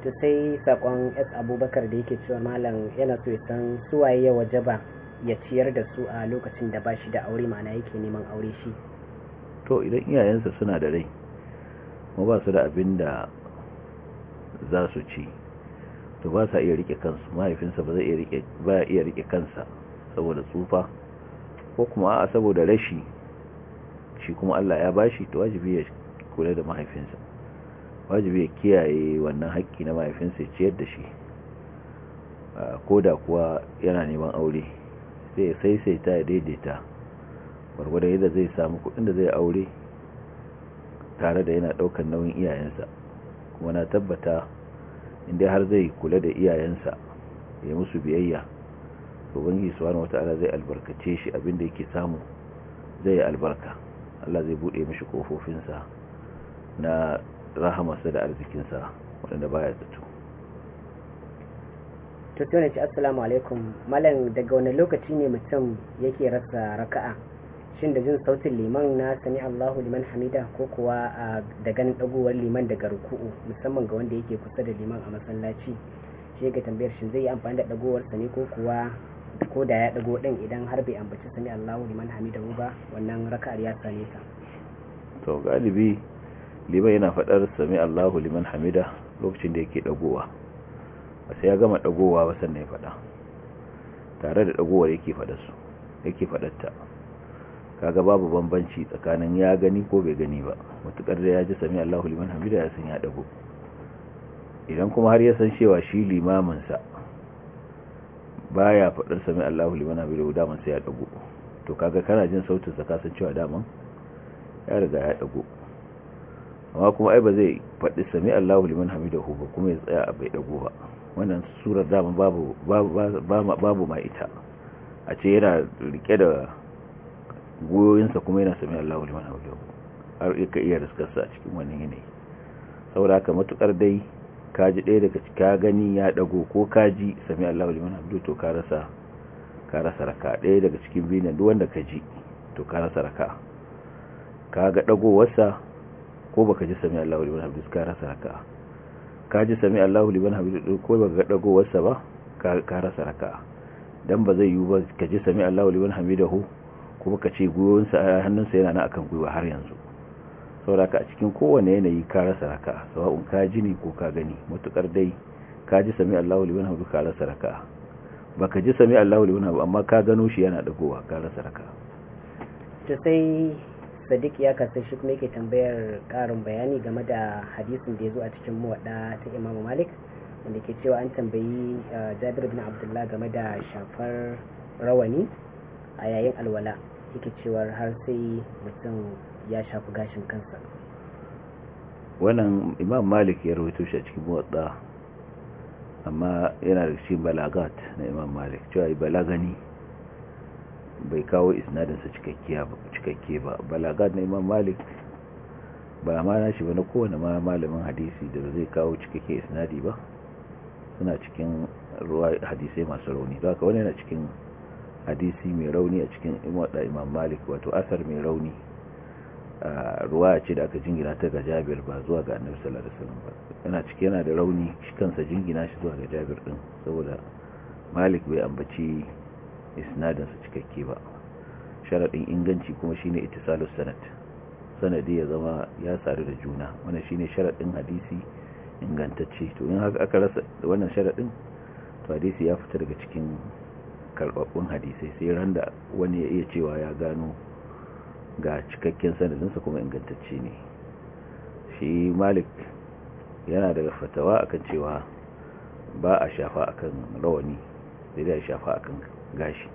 [SPEAKER 1] to sai sakon s abubakar da yake cewa malam yana so ya san suwaye ya waje ba ya ciyar da su a lokacin da ba shi da aure mana yake neman aure shi
[SPEAKER 2] to idan iyayensa suna da rai ma ba su da abin da za su ci to ba sa iya rike kansu mahaifinsa ba zai iya rike kansa saboda tsufa ko kuma a saboda rashi shi kuma Allah ya bashi to wajibi ya kula da mahaifinsa wajibi ya kiyaye wannan haƙƙi na mahaifinsa ya ciyar da shi ah, ko da kuwa yana neman aure sai ya saisaita ya daidaita gwargwadon yadda zai samu kuɗin da zai aure tare da yana ɗaukar nauyin iyayensa kuma na tabbata inda har zai kula da iyayensa ya musu biyayya ubangiji subhanahu wata'ala zai albarkace shi abinda yake samu zai albarka Allah zai bude mishi kofofinsa na rahamarsa da arzikinsa waɗanda baya zato
[SPEAKER 1] tattauna ce assalamu alaikum malam daga wani lokaci ne mutum yake rasa raka'a shin da jin sautin liman na sami Allahu liman hamida ko kuwa da ganin dagowar liman daga ruku'u musamman ga wanda yake kusa da liman a masallaci shi ga tambayar shin zai yi amfani da dagowar sa ne ko kuwa ko da ya dago din idan har bai ambaci sami Allahu liman hamidahu ba wannan raka'ar ya same ta
[SPEAKER 2] to galibi liman yana faɗar sami Allahu liman hamida lokacin da yake dagowa ba sai ya gama dagowa ba sannan ya fada tare da dagowar yake fada su yake kaga babu bambanci tsakanin ya gani ko bai gani ba mutukar da ya ji sami Allahu liman hamida ya san ya dago idan kuma har ya san cewa shi limamin sa baya faɗar sami Allahu liman hamidahu daman sai ya dago to kaga kana jin sautin sa kasan cewa daman ya riga ya dago amma kuma ai ba zai faɗi sami Allahu liman hamidahu ba kuma ya tsaya a bai dago ba wannan surar daman babu babu ma ita a ce yana rike da goyoyinsa kuma yana sami Allahu liman hamidahu har ka iya riskarsa a cikin wannan yanayi saboda haka matukar dai kaji ɗaya daga ka gani ya ɗago ko kaji sami wa liman hamdu to ka rasa ka rasa raka ɗaya daga cikin biyu duk wanda ka ji to ka rasa raka ka ga ɗagowarsa ko ba ka ji sami wa liman hamdu ka rasa raka ka ji sami Allahu liman to ko ka ga ɗagowarsa ba ka rasa raka dan ba zai yiwu ba ka ji sami wa liman hamidahu kuma ka ce gwiwonsa hannunsa yana na akan gwiwa har yanzu raka a cikin kowane yanayi ka rasa raka sawa'un ka ji ne ko ka gani matukar dai ka ji sami Allahu liman hamdu ka rasa raka baka ji sami Allahu liman hamdu amma ka gano shi yana dagowa ka rasa raka.
[SPEAKER 1] to sai Sadiq ya kasa shi kuma yake tambayar karin bayani game da hadisin da ya zo a cikin muwadda ta Imam Malik wanda ke cewa an tambayi uh, Jabir bin Abdullah game da shafar rawani a yayin alwala yake cewa har sai mutum ya shafi gashin kansa
[SPEAKER 2] wannan imam malik ya rubuta shi a cikin motsa amma yana da cikin balagat na imam malik cewa balagani bai kawo isnadinsa cikakke ba balagat na imam malik ba ma na shi ba na kowane ma malamin hadisi da zai kawo cikakke isnadi ba suna cikin ruwa hadisai masu rauni za ka wani yana cikin hadisi mai rauni a cikin imam malik wato asar mai rauni ruwaya ce da aka jingina ta ga jabir ba zuwa ga annabi sallallahu alaihi wasallam ba yana cike yana da rauni shi kansa jingina shi zuwa ga jabir din saboda malik bai ambaci isnadin sa cikakke ba sharadin inganci kuma shine ittisalus sanad sanadi ya zama ya sadu da juna wannan shine sharadin hadisi ingantacce to in haka aka rasa wannan sharadin to hadisi ya fita daga cikin karbabbun hadisai sai randa wani ya iya cewa ya gano ga cikakken sanadinsa kuma ingantacce ne shi malik yana daga fatawa akan cewa ba a shafa akan rawani sai da shafa akan gashi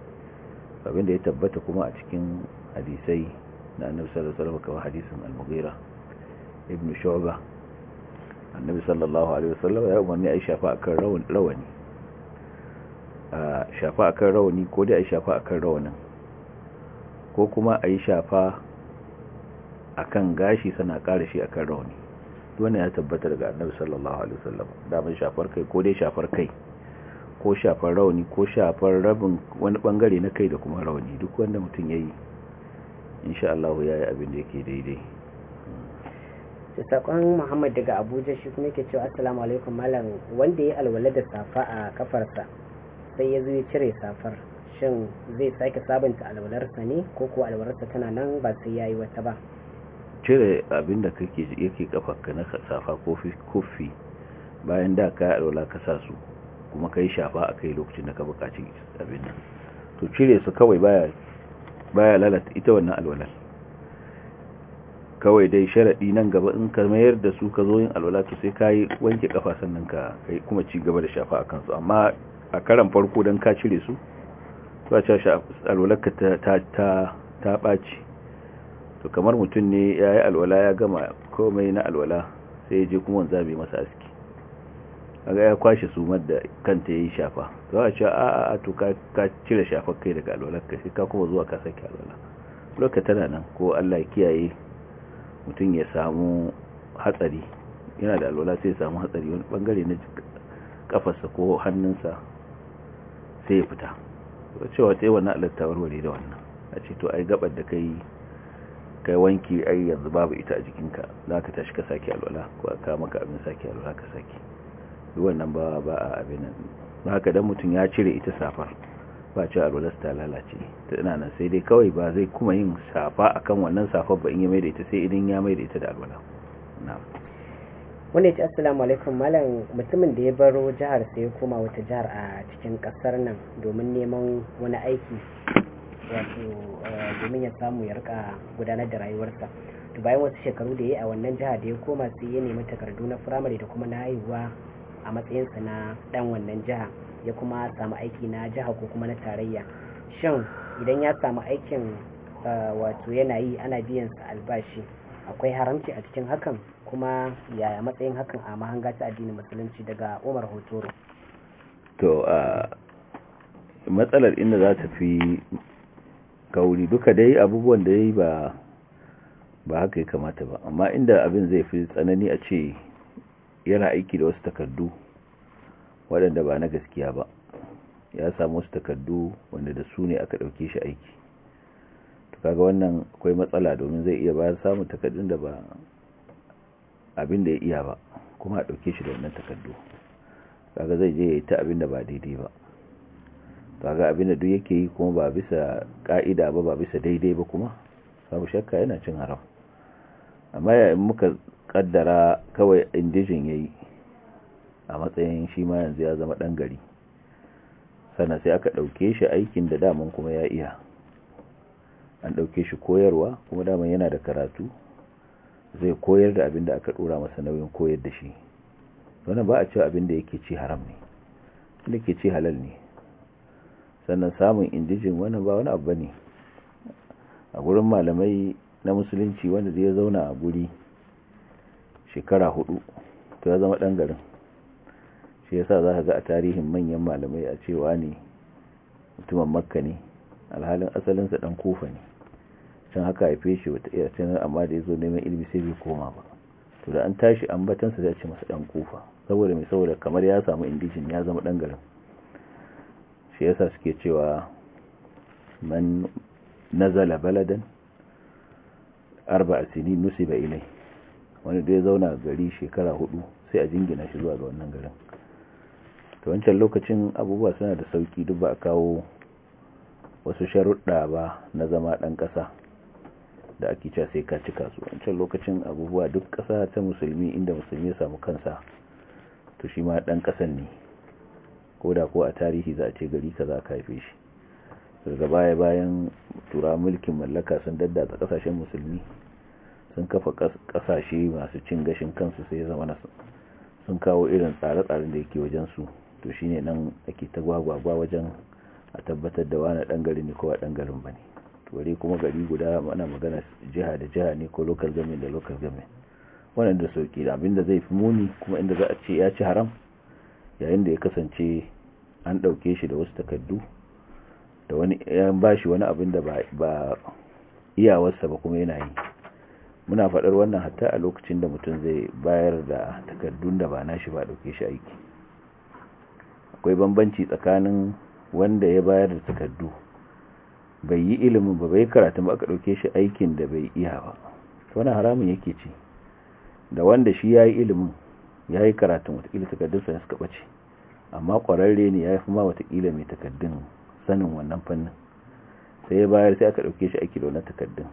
[SPEAKER 2] abin da ya tabbata kuma a cikin hadisai na annabi sallallahu alaihi wasallam kamar hadisin al-mughira ibn shu'ba annabi sallallahu alaihi wasallam ya umarni a shafa akan rawani a shafa akan rawani ko dai a shafa akan rawanin ko kuma a yi shafa a kan gashi sana ƙara shi a kan rauni wani ya tabbatar daga annabi sallallahu alaihi wasallam damar shafar kai ko dai shafar kai ko shafar rauni ko shafar rabin wani bangare na kai da kuma rauni duk wanda mutum ya yi insha Allah ya yi abin da yake daidai
[SPEAKER 1] da sakon muhammad daga abuja shi kuma yake cewa assalamu alaikum malam wanda ya alwala da safa a kafarsa sai ya zo ya cire safar shin zai sake sabunta alwalarsa ne ko ko alwalarsa tana nan ba sai yayi wata ba
[SPEAKER 2] cire abin da kake yake kafarka na safa kofi kofi bayan da ka alwala ka sa su kuma kai shafa akai lokacin da ka buƙaci abin nan to cire su kawai baya lalata ita wannan alwalar kawai dai sharaɗi nan gaba in ka mayar da su ka zo yin alwala to sai ka wanke kafa sannan ka kai kuma ci gaba da shafa a kansu amma a karan farko dan ka cire su ba ce shi alwalarka ta ɓaci to kamar mutum ne ya yi alwala ya gama komai na alwala sai ya je kuma wanzu bai masa aski aga ya kwashe su da kanta ya yi shafa za a ce a a to ka cire shafar kai daga alwalarka sai ka kuma zuwa ka sake alwala lokacin tana nan ko allah kiyaye mutum ya samu hatsari yana da alwala sai ya samu hatsari wani bangare na kafarsa ko hannunsa sai ya fita cewa ta yi wannan alatta warware da wannan a ce to ai gabar da kai kai wanki ai yanzu babu ita a jikinka za ka tashi ka sake alwala ko ka maka abin sake alwala ka sake wannan ba ba a abin nan haka dan mutum ya cire ita safar ba ce alwala ta lalace ta ina nan sai dai kawai ba zai kuma yin safa akan wannan safar ba in ya mai da ita sai idan ya mai da ita da alwala na'am
[SPEAKER 1] wanda ya ce assalamu alaikum malam mutumin da ya baro jihar sai ya koma wata jihar a cikin kasar nan domin neman wani aiki wato eh, domin ya samu ya rika gudanar da rayuwarsa to bayan wasu shekaru da ya yi a wannan jiha da ya koma sai ya nemi takardu na firamare da kuma na haihuwa a matsayinsa na dan wannan jiha ya kuma samu aiki na jiha ko kuma na tarayya shin idan ya samu aikin eh, wato yana yi ana biyan sa albashi akwai haramci a cikin hakan kuma yaya matsayin hakan a mahanga ta addinin musulunci daga umar hotoro
[SPEAKER 2] to a matsalar inda za ta fi kauri duka dai abubuwan da ya yi ba ba haka ya kamata ba amma inda abin zai fi tsanani a ce yana aiki da wasu takardu waɗanda ba na gaskiya ba ya samu wasu takardu wanda da su ne aka ɗauke shi aiki kaga wannan akwai matsala domin zai iya bayar samun takaddun da ba abin da ya iya ba kuma a ɗauke shi da wannan takaddu kaga zai je ya yi ta abin da ba daidai ba kaga abin da duk yake yi kuma ba bisa ƙa'ida ba ba bisa daidai ba kuma babu shakka yana cin haram amma in muka kaddara kawai indijin ya yi a matsayin shi ma yanzu ya zama ɗan gari sannan sai aka ɗauke shi aikin da daman kuma ya iya an ɗauke shi koyarwa kuma daman yana da karatu zai koyar da abin da aka ɗora masa nauyin koyar da shi wannan ba a cewa abin da yake ci haram ne wanda ke ci halal ne sannan samun indijin wannan ba wani abu ne a gurin malamai na musulunci wanda zai zauna a guri shekara hudu to ya zama ɗan garin shi yasa za ka ga a tarihin manyan malamai a cewa ne mutumin makka ne alhalin asalinsa ɗan kofa ne can haka haife shi wata iya sanar amma da ya zo neman ilimi sai bai koma ba to da an tashi an batansa zai ce masa dan kufa saboda mai saboda kamar ya samu indijin ya zama dan garin shi yasa suke cewa man nazala baladan arba'a nusi ba ilai wani da ya zauna gari shekara hudu sai a jingina shi zuwa ga wannan garin to wancan lokacin abubuwa suna da sauki duk ba a kawo wasu sharuɗa ba na zama ɗan ƙasa da ake cewa sai ka cika su lokacin abubuwa duk ƙasa ta musulmi inda musulmi ya samu kansa to shi ma ɗan ƙasan ne ko da ko a tarihi za a ce gari ka za ka haife shi daga baya bayan tura mulkin mallaka sun daddatsa ƙasashen musulmi sun kafa ƙasashe masu cin gashin kansu sai zama na sun kawo irin tsare-tsaren da yake wajensu to shine nan ake ta gwagwagwa wajen a tabbatar da wani ɗan garin ne ko a ɗan garin ba ne bare kuma gari guda ana magana jiha da jiha ne ko local government da local government wannan da sauki da abinda zai fi muni kuma inda za a ce ya ci haram yayin da ya kasance an ɗauke shi da wasu takardu da wani yan bashi wani abin da ba iyawarsa ba kuma yana yi muna faɗar wannan hatta a lokacin da mutum zai bayar da takardun da ba nashi ba ɗauke shi aiki akwai bambanci tsakanin wanda ya bayar da takardu bai yi ilimin ba bai karatu ba aka ɗauke shi aikin da bai iya ba wani haramun yake ci da wanda shi ya yi ilimin ya yi karatun watakila takardunsa ya suka ɓace amma ƙwararre ne ya fi ma watakila mai takardun sanin wannan fannin sai bayar sai aka ɗauke shi aiki da wannan takardun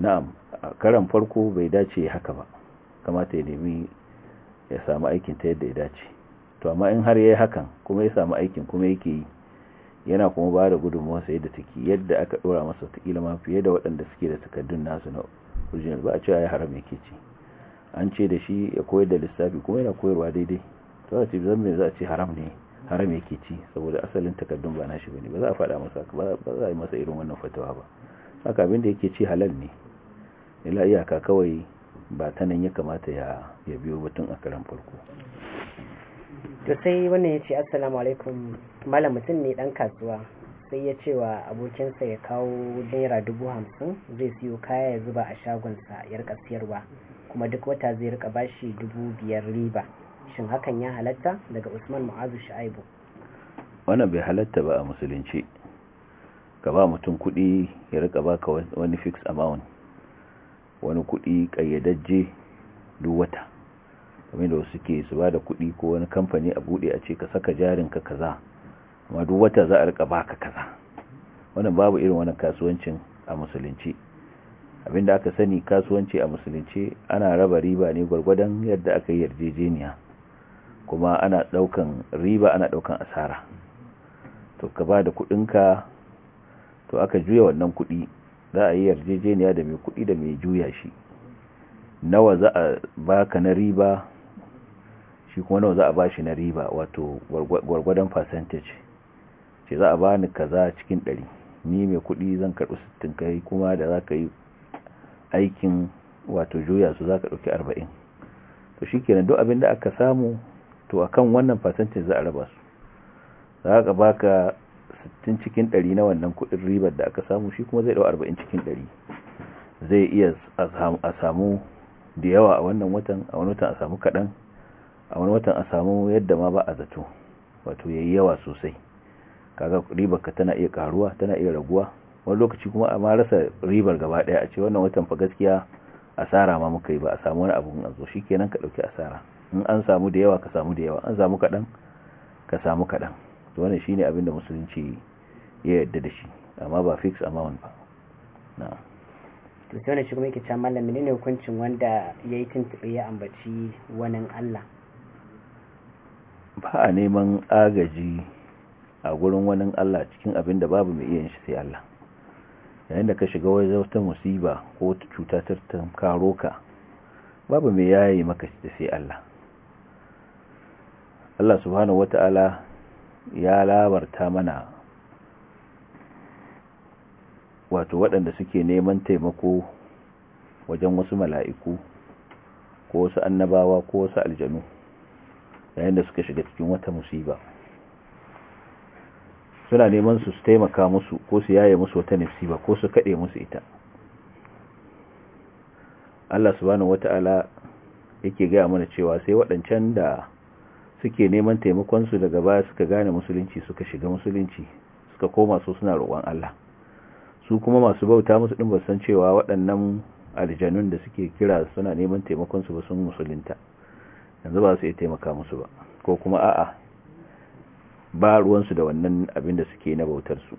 [SPEAKER 2] na'am a karan farko bai dace haka ba kamata ya nemi ya samu aikin ta yadda ya dace to amma in har ya yi hakan kuma ya samu aikin kuma yake yi yana kuma ba da sai da take yadda aka ɗora masa wataƙila ma fiye da waɗanda suke da takardun nasu na original ba a cewa ya haram yake ci an ce da shi ya koyar da lissafi kuma yana koyarwa daidai to a ce zan me za a ce haram ne haram yake ci saboda asalin takardun ba nashi bane ba za a faɗa masa ba za a yi masa irin wannan fatawa ba haka abin da yake ci halal ne ila iyaka kawai ba ta nan ya kamata ya biyo batun a karan farko
[SPEAKER 1] to sai wannan ya ce assalamu alaikum malam mutum ne dan kasuwa sai ya ce wa abokinsa ya kawo naira dubu hamsin zai siyo kaya ya zuba a shagonsa ya rika siyarwa kuma duk wata zai rika bashi dubu biyar riba shin hakan ya halatta daga usman mu'azu shu'aibu
[SPEAKER 2] wannan bai halatta ba a musulunci ka ba mutum kuɗi ya rika baka wani fix amount wani kuɗi ƙayyadajje duk wata kamar da ke su ba da kuɗi ko wani kamfani a buɗe a ce ka saka jarin ka kaza amma duk wata za a rika baka kaza wannan babu irin wannan kasuwancin a musulunci abinda aka sani kasuwanci a musulunci ana raba riba ne gwargwadon yadda aka yi yarjejeniya kuma ana ɗaukan riba ana ɗaukan asara to ka ba da kuɗinka to aka juya wannan kuɗi za a yi yarjejeniya da mai kuɗi da mai juya shi nawa za a baka na riba shi kuma nawa za a bashi na riba wato gwargwadon percentage ce za a bani kaza cikin 100 ni mai kudi zan karbi 60 kai kuma da za ka yi aikin wato juya su za ka ɗauki 40 to shi kenan duk abin da aka samu to akan wannan percentage za a raba su za ka baka 60 cikin 100 na wannan kudin ribar da aka samu shi kuma zai dau 40 cikin 100 zai iya a samu da yawa a wannan watan a wani watan a samu kaɗan a wani watan a samu yadda ma ba a zato wato yayi yawa sosai kaga ribar ka tana iya karuwa tana iya raguwa wani lokaci kuma a ma rasa ribar gaba daya a ce wannan watan fa gaskiya asara ma muka yi ba a samu wani abu a zo shikenan ka dauki asara in an samu da yawa ka samu da yawa an samu kadan ka samu kadan to wannan shine abin da musulunci ya yarda da shi amma ba fix amount ba na.
[SPEAKER 1] to sai shi kuma yake cewa malam menene hukuncin wanda yayi tuntube ya ambaci wannan Allah
[SPEAKER 2] ba a neman agaji a gurin wani Allah cikin abin da babu mai iya shi sai Allah yayin da ka shiga wajen wata musiba ko wata cuta ta karo ka babu mai yayi maka shi sai Allah Allah subhanahu wata'ala ya labarta mana wato waɗanda suke neman taimako wajen wasu mala'iku ko wasu annabawa ko wasu aljanu yayin da suka shiga cikin wata musiba suna neman su taimaka musu ko su yaye musu wata musiba ko su kade musu ita Allah subhanahu wata'ala yake gaya mana cewa sai waɗancan da suke neman taimakonsu daga baya suka gane musulunci suka shiga musulunci suka koma so suna roƙon Allah su kuma masu bauta musu din ba san cewa waɗannan aljanun da suke kira suna neman taimakonsu ba sun musulunta yanzu ba su iya taimaka musu ba ko kuma a'a ba ruwansu da wannan abin da suke na bautarsu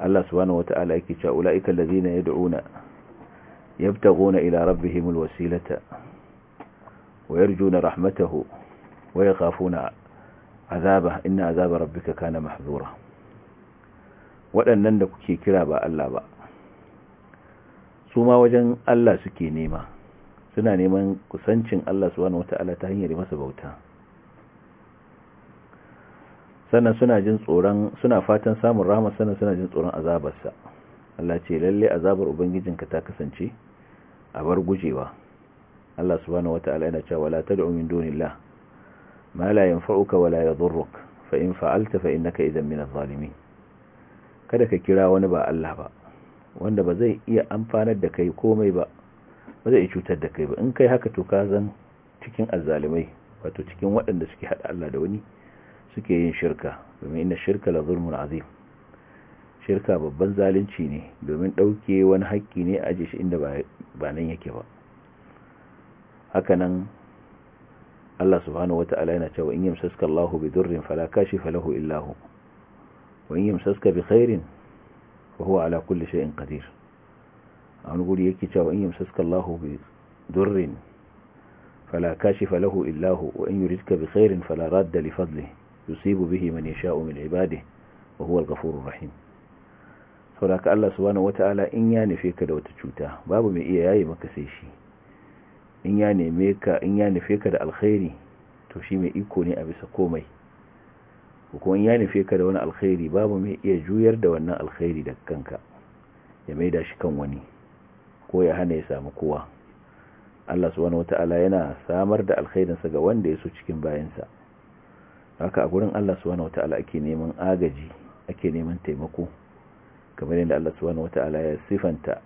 [SPEAKER 2] Allah subhanahu wata'ala yake cewa ula'ika allazina yad'una yabtaguna ila rabbihim alwasilata wa yarjuna rahmatahu wa yakhafuna azaba inna azaba rabbika kana mahzura waɗannan da kuke kira ba Allah ba su ma wajen Allah suke nema suna neman kusancin Allah subhanahu wata'ala ta hanyar masa bauta sannan suna jin tsoron suna fatan samun rahama sannan suna jin tsoron azabarsa Allah ce lalle azabar ubangijinka ta kasance a bar gujewa Allah subhanahu wata'ala yana cewa wala tad'u min dunillah ma la yanfa'uka wa la yadhurruk fa in fa'alta fa innaka idan min adh-dhalimin kada ka kira wani ba Allah ba wanda ba zai iya amfanar da kai komai ba ba zai cutar da kai ba in kai haka to ka zan cikin azzalimai wato cikin waɗanda suke haɗa Allah da wani suke yin shirka domin inna shirka la zulmun azim shirka babban zalunci ne domin ɗauke wani haƙƙi ne a shi inda ba nan yake ba haka nan Allah subhanahu wata'ala yana cewa in yamsaska Allahu bi durrin fala kashifa lahu illa hu wa in yamsaska bi khairin fa huwa ala kulli shay'in qadir an guri yake cewa in yamsaska Allahu bi durrin fala kashifa lahu illa hu wa in yuridka bi khairin fala radda li fadli yusibu bihi man yasha'u min ibadihi wa huwa al-ghafurur rahim saboda Allah subhanahu wata'ala in ya nufe ka da wata cuta babu mai iya yayi maka sai shi in ya neme ka in ya nufe ka da alkhairi to shi mai iko ne a bisa komai ko in ya nufe ka da wani alkhairi babu mai iya juyar da wannan alkhairi da kanka ya maida shi kan wani ko ya hana ya samu kowa Allah subhanahu wata'ala yana samar da alkhairinsa ga wanda ya so cikin bayansa haka a gurin Allah subhanahu wata'ala ake neman agaji ake neman taimako kamar yadda Allah subhanahu wata'ala ya sifanta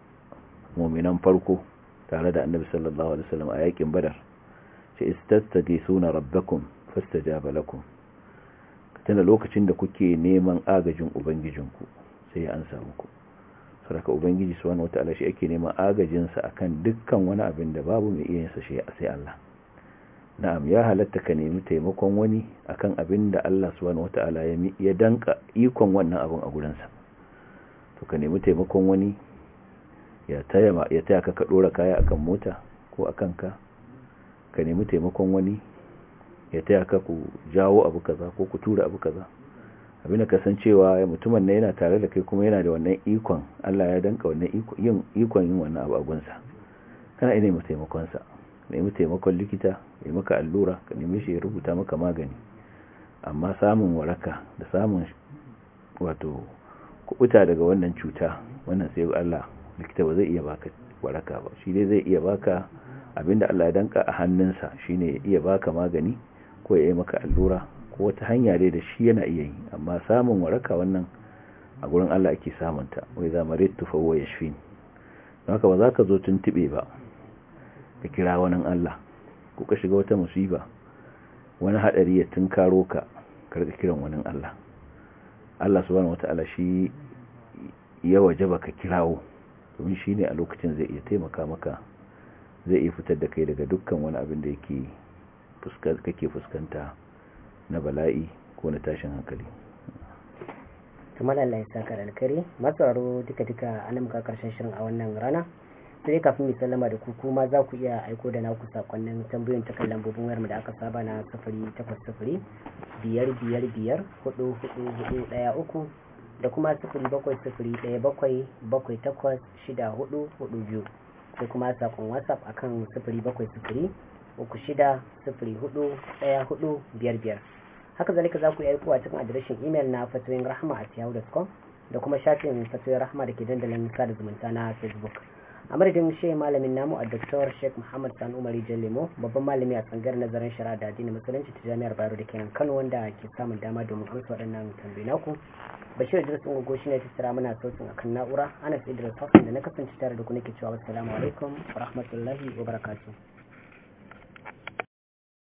[SPEAKER 2] mu'minan farko tare da Annabi sallallahu alaihi wasallam a yakin Badar ce istastaghithuna rabbakum fastajaba lakum tana lokacin da kuke neman agajin ubangijinku sai ya ansa muku saboda ubangiji su wani wataala shi ake neman agajinsa a kan dukkan wani abin da babu mai iya yinsa shi sai Allah na'am ya halatta ka nemi taimakon wani a kan abin da Allah su wani wataala ya ya danka ikon wannan abin a gurin to ka nemi taimakon wani ya taya ka ka ɗora kaya akan mota ko akan ka ka nemi taimakon wani ya taya ka ku jawo abu kaza ko ku tura abu kaza abin abinda kasancewa mutumin ne yana tare da kai kuma yana da wannan ikon Allah ya danka wannan ikon yin wannan abu gunsa kana ina mai taimakonsa nemi taimakon likita mai maka allura ka nemi shi ya rubuta maka magani amma samun waraka da samun wato kubuta daga wannan cuta wannan sai Allah likita ba zai iya baka waraka ba shi dai zai iya baka abinda Allah ya danka a hannunsa shine ya iya baka magani ko ya yi maka allura wata hanya dai da shi yana iya yi amma samun waraka wannan a gurin Allah ake samunta wai za mu rittu fa wa yashfin don haka ba za ka zo tuntube ba ka kira wani Allah ko ka shiga wata musiba wani hadari ya tunkaro ka karka kiran wani Allah Allah subhanahu wataala shi ya wajaba ka kirawo domin shine a lokacin zai iya taimaka maka zai iya fitar da kai daga dukkan wani abin da yake kake fuskanta na bala'i ko na tashin hankali
[SPEAKER 1] kamar Allah ya saka da alkari matsaro duka-duka an muka karshen shirin a wannan rana sai kafin mu sallama da ku kuma za ku iya aiko da naku sakonnin tambayoyin ta kallon bubun wayar da aka saba na sufuri takwas sufuri biyar biyar biyar hudu hudu hudu daya uku da kuma sufuri bakwai sufuri daya bakwai bakwai takwas shida hudu hudu biyu sai kuma sakon whatsapp akan sufuri bakwai sufuri uku shida sufuri hudu daya hudu biyar biyar haka zalika za ku yi aiko a cikin adireshin imel na fatoyin rahama a yahoo.com da kuma shafin fatoyin rahama da ke dandalin da zumunta na facebook a madadin shi malamin namu a doktor sheikh muhammad san umari lemo babban malami a tsangar nazarin shara da addinin musulunci ta jami'ar bayero da kenan kano wanda ke samun dama domin amsa waɗannan tambayi naku bashir idris ungogo shine ta tsira mana sautin akan na'ura anas idris hassan da na kasance tare da ku nake cewa salamu alaikum wa rahmatullahi wa barakatuh